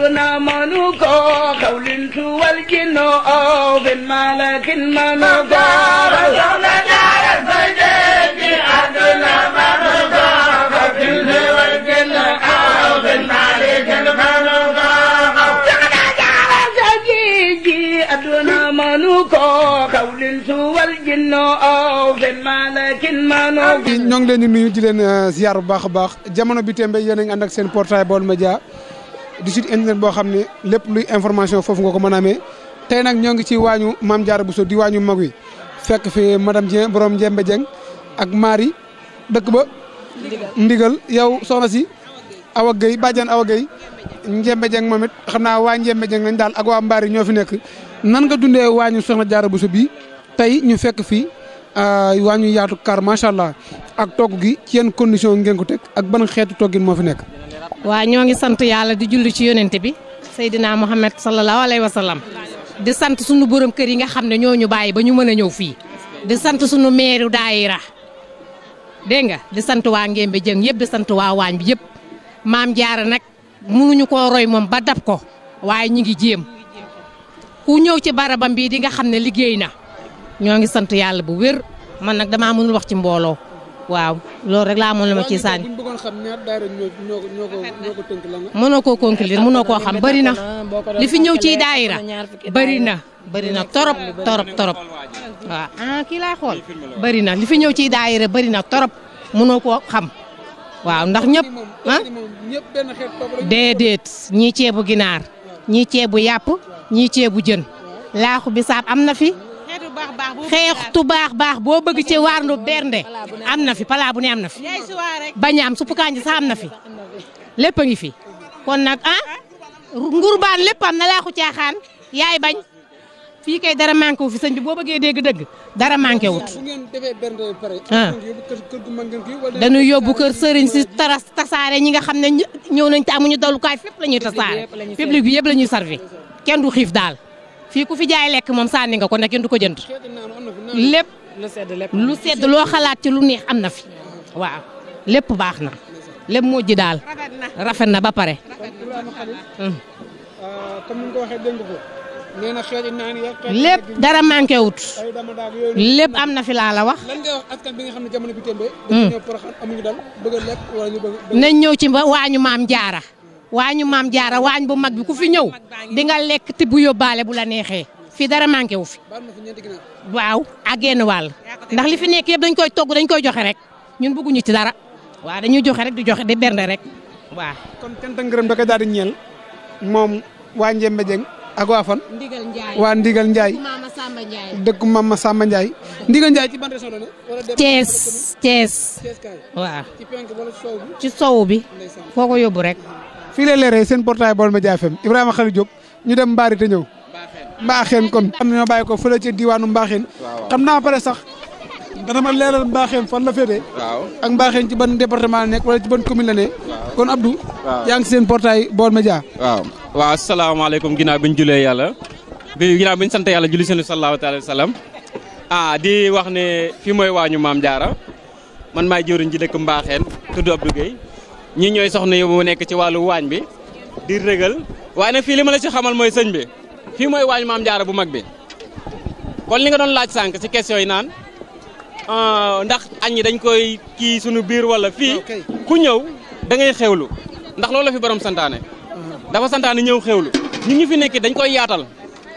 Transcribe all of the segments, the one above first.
عقلنا منوكو قول والجن أو بالملك منوكو رسولنا دار الفجر عقلنا منوكو قول والجن أو بالملك منوكو أدنى منوكو قول والجن أو بالملك منوكو ñoo ngi leen di nuyu di leen ziar bu baax a baax jamono bi tembe yéen a ngi ànd ak seen portail Baol Média di site internet boo xam ne lépp luy information foofu nga ko mën a amee nag ñoo ngi ci waañu Maam Jaara Bousso di waañu mag wi fekk fi madame Dieng borom Njembe Dieng ak maari dëkk ba. Ndigal yow soxna si. Awa Gueye bàjjan Awa Gueye Njembe Dieng moom it xam naa waa Njembe Dieng lañ daal ak waa Mbari ñoo fi nekk nan nga dundee waañu soxna Jaara Bousso bii tey ñu fekk fii. Euh, waa ñu yaatu kar macha allah ak togg gi ci yenn condition ngeen ko teg ak ban xeetu toggin moo fi nekk. waa ñoo ngi sant yàlla di julli ci yonent bi Seydina Muhammad sallallahu alayhi wa sallam di sant sunu borom kër yi nga xam ne ñoo ñu bàyyi ba ñu mën a ñëw fii di sant sunu meeru daayira dégg nga di sant waa Ngembe Jëng yëpp di sant waa waañ bi yëpp maam jaara nag mënuñu koo roy moom ba dab ko waaye ñu ngi jéem ku ñëw ci barabam bii di nga xam ne liggéey na ñoo ngi sant yàlla bu wér man nag damaa mënul wax ci mbooloo. waaw loolu rek laa moom la ma ciy sànni. mënoo koo conclure mënoo koo xam bëri na ah, li fi ñëw ciy daayira bëri na bëri na torop torop torop waaw ah kii xool bëri na li fi ñëw ciy daayira bëri na torop mënoo koo xam waaw ndax ñëpp ah déedéet ñii ceebu ginaar ñii bu yàpp ñii bu jën laaxu bisaab am na fi. xeextu baax baax boo bëgg ci waarndu bernde am na fi palaa bu ne am na fi bañaam suppu kànja sax am na fi lépp a ngi fi kon nag ah ngurbaan lépp am na laaxu caaxaan yaay bañ fii kay dara manqué wu fi sëñ bi boo bëggee dégg dëgg dara manqué wut. ah dañuy yóbbu kër sëriñ si taras tasaare ñi nga xam ne ñëw nañ te amuñu dalukaay fépp la ñuy tasaare public bi yëpp la ñuy servi kenn du xiif daal. fii ku fi jaay lekk moom sànni nga ko ne kenn du ko jënd. lépp lu sedd loo xalaat ci lu neex am na fi waaw lépp baax na lépp moo ji daal. rafet na ba pare. Euh, comme ni nga ko waxee lépp dara manqué wut. lépp am na fi laa la wax. lan nga xam ne jamono bi hmm. ñëw Porokhane amuñu ci waañu maam jaara. waañu maam jaara waañ bu mag bi ku fi ñëw di nga lekk te bu yóbbaale bu la neexee fii dara manqué wu fi. waaw ak genn wàll ndax li fi nekk dañ koy togg dañ koy joxe rek ñun bëgguñu ci dara waaw dañuy joxe rek di joxe di bernde rek waaw. kon cant ak ngërëm da koy ñeel moom waa Njembe Jeng ak waa fan. waa Ndigal Ndiaye. dëkk Mama Samba Ndiaye dëkk Mama Ndigal Ndiaye ci ban région la ne. Thiès Thiès. Thiès kaay waaw. ci penk bi foo ko yóbbu rek. fii lay leeree seen portail Baol Média FM Ibrahima Khalil Diop ñu dem Mbari te ñëw. Mbaaxeen kon. xam nañoo bàyyi ko fële ca diwaanu Mbaaxeen. xam naa pare sax dana ma leeral Mbaaxeen fan la féetee. ak Mbaaxeen ci ban département la nekk wala ci ban commune la ne. kon Abdou. yaa ngi seen portail Baol Média. waaw waaw asalaamaaleykum ginnaaw bi ñu julee yàlla. bi ginnaaw bi ñu sant yàlla julli seen sallallahu alayhi wa ah, di wax ne fii mooy waañu maam jaara man maay jëwriñ ji dëkk Mbaaxeen tudd Abdou Guèye ñi ñooy soxna yi mu nekk ci wàllu waañ bi di rëgal waaye nag fii li ma la ci xamal mooy sëñ bi fii mooy waañ maam jaare bu mag bi kon li nga doon laaj sànq ci question yi naan euh, ndax añ yi dañ koy kii sunu biir wala fii ku ñëw da ngay xewlu ndax loolu la fi borom santaane uh-huh. dafa santaane ñëw xewlu ñi ñu fi nekk dañ koy yaatal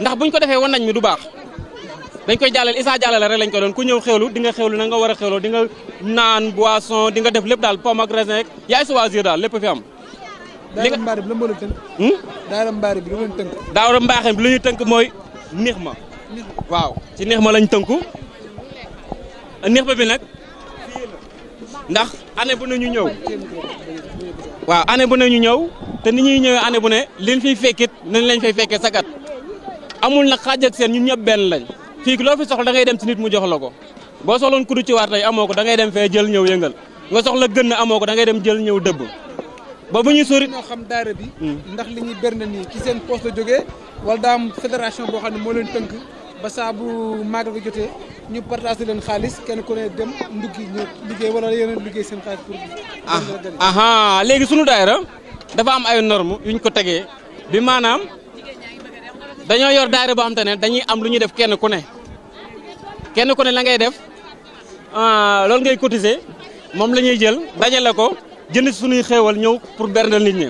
ndax buñ ko defee won nañ mi du baax dañ koy jàllale Issa jàllale rek lañ ko doon ku ñëw xewlu dinga nga xewlu na nga war a xewloo di naan boisson di nga def lépp daal pomme ak raisin rek yaay choisir daal lépp fi am. li nga bi la hmm? mën a tënk. daara mbaari bi la mën bi lu ñu tënk mooy neex ma. waaw si neex ma lañ tënku neex ma bi nag ndax année bu ne ñu ñëw. waaw année bu ne ñu ñëw te ni ñuy ñëwee année bu ne liñ fiy fekkit nañ lañ fay fekkee sagat amul na xaaj ak seen ñun ñëpp benn lañ. fii loo fi soxla da dem si nit mu jox la ko boo soxloon kudu ci waar tey amoo ko da ngay dem fee jël ñëw yëngal nga soxla gën amoo ko da ngay dem jël ñëw dëbb ba bu ñuy sori noo xam daara bi hmm. ndax li ñuy berne nii ci seen poste la jógee wala daa am boo xam ne moo leen tënk ba saa bu màggal bi jotee ñu partagé leen xaalis kenn ku ne dem nduggi ñu liggéey wala yeneen liggéey seen xaalis pour ah, aha léegi sunu daayira dafa am ay yu ñu ko tegee bi maanaam dañoo yor daayira boo xam te ne dañuy am lu ñuy def kenn ku ne kenn ku ne la ngay def ah, loolu ngay cotiser moom la ñuy jël dajale ko jënd si suñuy xéewal ñëw pour berndal nit ñi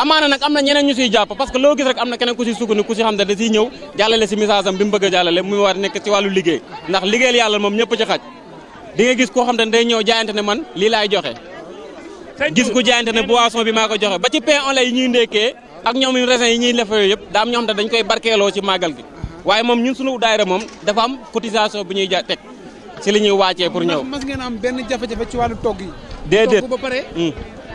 amaana nag am na ñeneen ñu siy jàpp parce que loo gis rek am na keneen ku si sukkandiku ku si xam ne da siy ñëw jàllale si message bi mu bëgg a jàllale muy war nekk ci wàllu liggéey ndax liggéeyal yàlla moom ñëpp ci xaj di nga gis koo xam te ne day ñëw jaayante ne man lii laay joxe gis ku jaayante ne boisson ba ak ñoom ñu raisins yi ñuy def yooyu yëpp daa am ñoo xam ne dañ koy barkeeloo ci màggal gi waaye moom ñun suñu daayira moom dafa am cotisation bu ñuy ja teg si li ñuy wàccee pour ñëw. mas ngeen am benn jafe ci wàllu togg yi. déedéet togg ba pare. Hmm.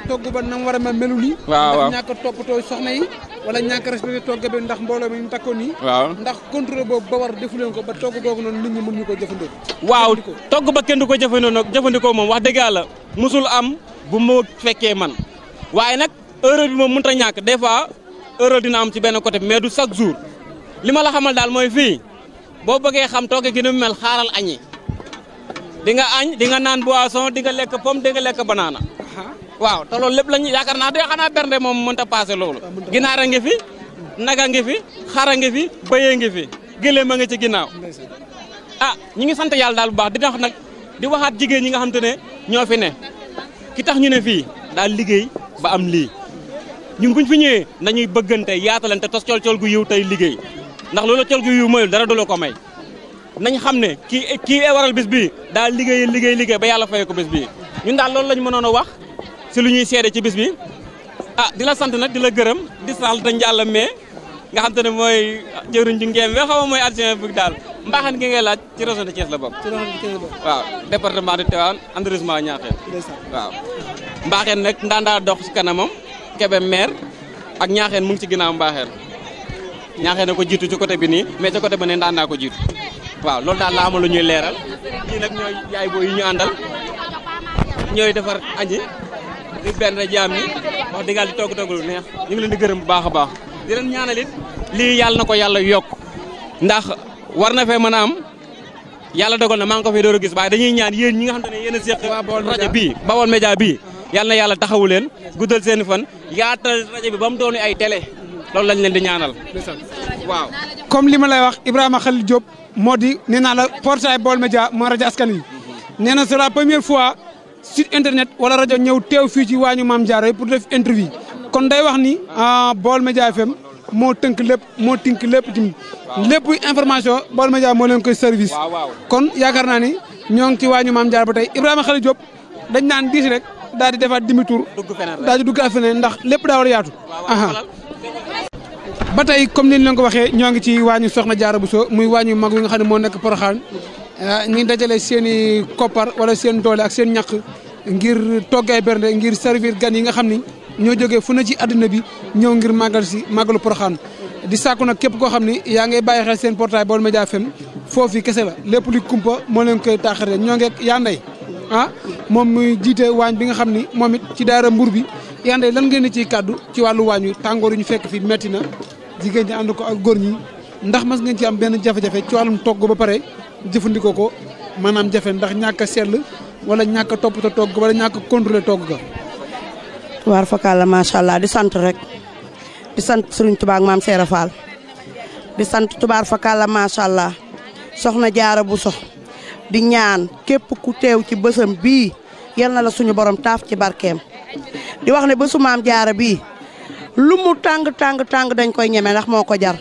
togg ba war a melul yi. waaw waaw ndax ñàkk a toppatoo soxna yi. wala ñàkk respecté togg bi ndax mi ñu takkoon yi. waaw ndax contrôle boobu ba war defu leen ko ba togg noonu nit ñi ñu ko jëfandikoo. waaw togg ba kenn du ko jëfandikoo nag jëfandikoo moom wax dëgg yàlla musul am bu ma fekkee man waaye nag erreur bi moom mënut a ñàkk des fois erreur am ci benn côté mais du chaque jour li ma la xamal daal mooy fii boo bëggee xam tooke gi nu mel xaaral añi di nga añ di nga naan boisson di nga lekk pomme di nga lekk banaana waaw te loolu lépp la ñuy yaakaar naa de xanaa bernde moom mënut a passé loolu. ginaar a ngi fi naga ngi fi xara ngi fi bëyee ngi fi gëléem a ngi ci ginnaaw ah ñi ngi sant yàlla daal bu baax di tax nag di waxaat jigéen ñi nga xam te ne ñoo fi ne ki tax ñu ne fii daal liggéey ba am lii. ñun buñ fu ñëwee nañuy bëggante yaatalante tos col col gu yiw tey liggéey ndax loolu col gu yiw mayul dara du la ko may nañ xam ne kii kii e waral bés bi daal liggéey liggéey liggéey ba yàlla fay ko bés bi ñu daal loolu lañu mënoon a wax si lu ñuy seede ci bis bi ah dina sant nag di la gërëm di saxal te njàlla mais nga xam te ne mooy jëriñ ju ngeem ba mooy adjoint bi daal mbaaxan gi ngay laaj ci région de Thiès la bokk. ci région de Thiès la bokk. waaw département de Tivaouane arrondissement Niakhène. si kanamam. Kébé maire ak ñaaxeen mu ngi ci ginnaaw mbaaxeel ñaaxeen na ko jiitu ci côté bi nii mais ci côté ba ne ndaan naa ko jiitu waaw loolu daal la ama lu ñuy leeral ñii nag ñooy yaay boo yu ñu àndal ñooy defar añi di benn jaam ñi wax dëggal di togg togg lu neex ñu ngi leen di gërëm bu baax a baax di leen ñaanal it lii yàlla na ko yàlla yokk ndax war na fee ma a am yàlla dogal na maa ngi ko fi door a gis waaye dañuy ñaan yéen ñi nga xam te ne yéen a séq rajo bii Baol bii yàlla na yàlla taxawu leen guddal seen fan yaatal rajo bi ba mu doon ay télé loolu lañ leen di ñaanal. waaw comme li ma lay wax Ibrahima Khalil jóob moo di nee naa la portail Baol Média moo rajo askan wi nee na la première fois site internet wala rajo ñëw teew fii ci waañu Maam Diarra pour def interview kon day wax ni ah, Baol Média FM. moo tënk lépp moo tënk lépp tamit lépp information Baol Média moo leen koy service kon yaakaar naa ni ñoo ngi ci waañu Maam Diarra ba tey Ibrahima Khalil Diop dañ naan diis rek daal di defaat demi tour daal di dugg ak feneen ndax lépp daa war a yaatu ba tey comme ni ñu leen ko waxee ñoo ngi ci waañu soxna Jaara Buso muy waañu mag wi nga xam ne moo nekk Poroxaan ah, ñi dajale seen i koppar wala seen doole ak seen ñàq ngir toggaay bernde ngir servir gan yi nga xam ni ñoo jógee fu na ci àdduna bi ñëw ngir màggal si màggalu Poroxaan di sàkku nag képp koo xam ni yaa ngay bàyyi xel seen portail Baolmedias FM foofu kese la lépp li kumpa moo leen koy taaxaree ñoo ngeeg yaa ah moom muy jiite waañ bi nga xam ni moom it ci daara mbur bi yande lan ngeen di ciy kàddu ci wàllu waañ tàngoor yu ñu fekk fi metti na jigéen ñi ànd ko ak góor ñi ndax mas ngeen ci am benn jafe-jafe ci wàllum togg ba pare jëfandikoo ko maanaam jafe ndax ñàkk a sell wala ñàkk a toppatoo togg wala ñàkk a contrôler togg ga. waar fakal la macha allah di sant rek di sant Serigne Touba ak maam Cheikh di sant tubaar fakal la macha allah soxna jaara bu sox di ñaan képp ku teew ci bësam bii yal na la suñu borom taaf ci barkeem di wax ne bësumaam maam bii lu mu tàng tàng tàng dañ koy ñeme ndax moo ko jar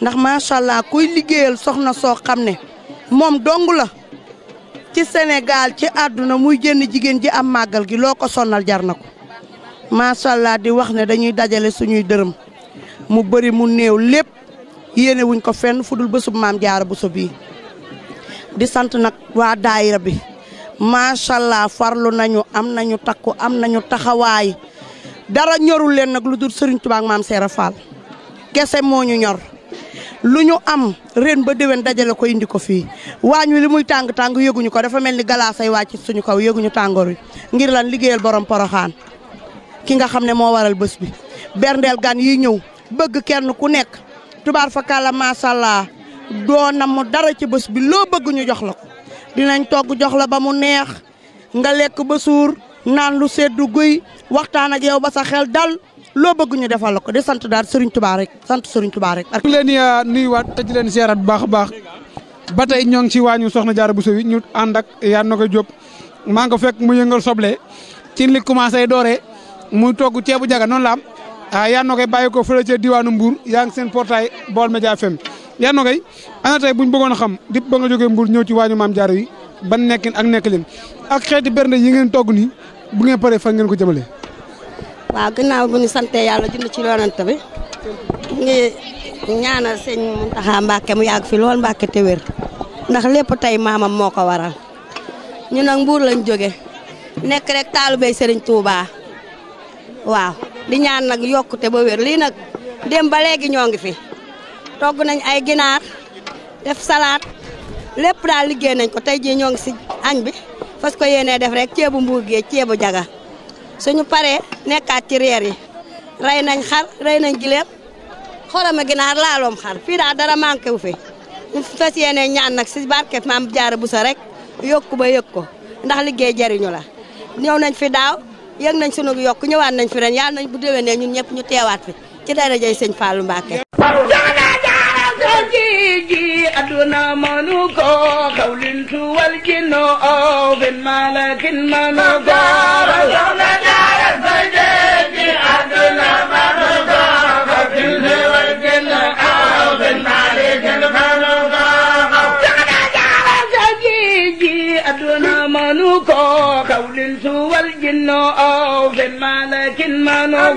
ndax macha allah kuy liggéeyal soxna soo xam ne moom dong la ci Sénégal ci àdduna muy jënn jigéen ji am màggal gi loo ko sonnal jar na ko macha allah di wax ne dañuy dajale suñuy dërëm mu bëri mu néew lépp yéene wuñ ko fenn fu dul bésub maam jaara bu so bii di sant nag waa daayira bi macha allah farlu nañu am nañu takku am nañu taxawaay dara ñorul leen nag lu dul Serigne Touba ak maam Seera Fall kese moo ñu ñor lu ñu am ren ba déwén dajale ko indi ko fii waañ wi li muy tàng tàng yëguñu ko dafa mel ni galaasay wàcc suñu kaw yëguñu tàngoor wi ngir lan liggéeyal borom poroxaan ki nga xam ne moo waral bés bi berndeel gan yi ñëw bëgg kenn ku nekk tubaar fa kàlla macha allah doo namm dara ci bés bi loo bëgg ñu jox la dinañ togg jox la ba mu neex nga lekk ba suur naan lu seddu guy waxtaan ak yow ba sa xel dal loo bëgg ñu defal la ko di sant daal Serigne Touba rek sant Serigne Touba rek. ñu leen di euh, nuyuwaat te di leen seeraat bu baax a baax ba tey ñoo ngi ci waañu soxna Diarra Bousso wi ñu ànd ak yaa na ko jóg maa ngi ko fekk mu yëngal soble ci li commencé dooree muy togg ceebu jaga noonu la am ah, yaa na koy bàyyi ko fële diwaanu mbuur yaa ngi seen portail Baol Média FM. leer na kay ana tey buñ bëggoon a xam dip ba nga mbuur Mbour ñëw ci waañu maam Jaara yi ban nekkin ak nekk leen ak xeeti bernde yi ngeen togg nii bu ngeen paree fan ngeen ko jëmale. waaw gannaaw bu ñu sante yàlla jund ci Yonent bi ngi ñaanal sëñ Mountakha Mbacké mu yàgg fi lool Mbacké te wér ndax lépp tey maamam moo ko waral ñu nag Mbour lañ jóge nekk rek taalubéy Serigne Touba waaw di ñaan nag yokkute ba wér lii nag dem ba léegi ñoo ngi fi. togg nañ ay ginaar def salaat lépp daal liggéey nañ ko tey jii ñoo ngi si añ bi fas ko yéenee def rek ceebu mbuur géej ceebu jaga suñu paree nekkaat ci reer yi rey nañ xar rey nañ gileem xorama ginaar laaloom xar fii daal dara manqué wu fi ñu fas yéenee ñaan nag si barke maam jaara bu sa rek yokku ba yëg ko ndax liggéey jariñu la ñëw nañ fi daaw yëg nañ sunu yokk ñëwaat nañ fi ren yàlla nañ bu dewee déwénee ñun ñëpp ñu teewaat fi ci dara jay sëñ Fallou حجيجي أدنى منوكو قولنت والجن أو في الملك منوكو رزقنا دار الفجيجي أدنى منوكو قولنت والجن أو في الملك منوكو أدنى منوكو قولنت والجن أو في الملك منوكو